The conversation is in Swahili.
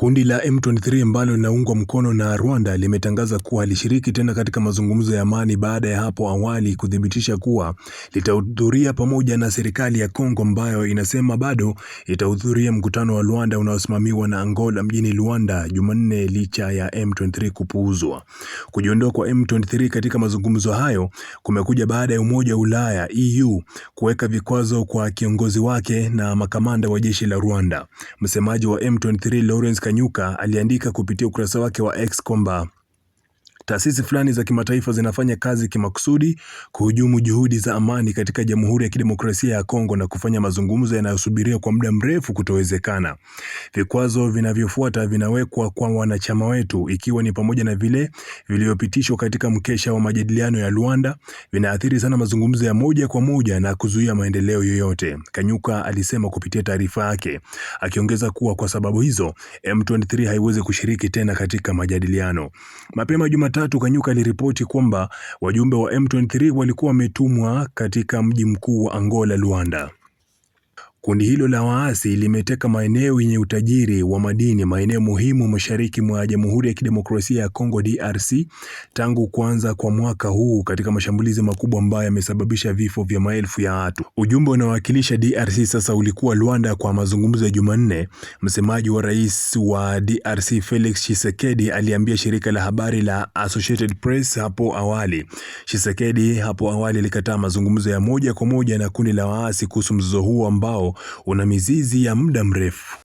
Kundi la M23 ambalo linaungwa mkono na Rwanda limetangaza kuwa halishiriki tena katika mazungumzo ya amani baada ya hapo awali kuthibitisha kuwa litahudhuria pamoja na serikali ya Kongo ambayo inasema bado itahudhuria mkutano wa Rwanda unaosimamiwa na Angola mjini Luanda Jumanne licha ya M23 kupuuzwa. Kujiondoa kwa M23 katika mazungumzo hayo kumekuja baada ya Umoja wa Ulaya EU kuweka vikwazo kwa kiongozi wake na makamanda wa jeshi la Rwanda. Msemaji wa M23 Lawrence Kanyuka aliandika kupitia ukurasa wake wa X kwamba Taasisi fulani za kimataifa zinafanya kazi kimakusudi kuhujumu juhudi za amani katika Jamhuri ya Kidemokrasia ya Kongo na kufanya mazungumzo yanayosubiriwa kwa muda mrefu kutowezekana. Vikwazo vinavyofuata vinawekwa kwa wanachama wetu, ikiwa ni pamoja na vile vilivyopitishwa katika mkesha wa majadiliano ya Luanda, vinaathiri sana mazungumzo ya moja kwa moja na kuzuia maendeleo yoyote, Kanyuka alisema kupitia taarifa yake, akiongeza kuwa kwa sababu hizo M23 haiwezi kushiriki tena katika majadiliano. Mapema Jumatatu Jumatatu, Kanyuka aliripoti kwamba wajumbe wa M23 walikuwa wametumwa katika mji mkuu wa Angola, Luanda. Kundi hilo la waasi limeteka maeneo yenye utajiri wa madini, maeneo muhimu mashariki mwa Jamhuri ya Kidemokrasia ya Kongo DRC tangu kuanza kwa mwaka huu katika mashambulizi makubwa ambayo yamesababisha vifo vya maelfu ya watu. Ujumbe unaowakilisha DRC sasa ulikuwa Luanda kwa mazungumzo ya Jumanne. Msemaji wa rais wa DRC Felix Tshisekedi aliambia shirika la habari la Associated Press hapo awali. Tshisekedi hapo awali alikataa mazungumzo ya moja kwa moja na kundi la waasi kuhusu mzozo huo ambao una mizizi ya muda mrefu.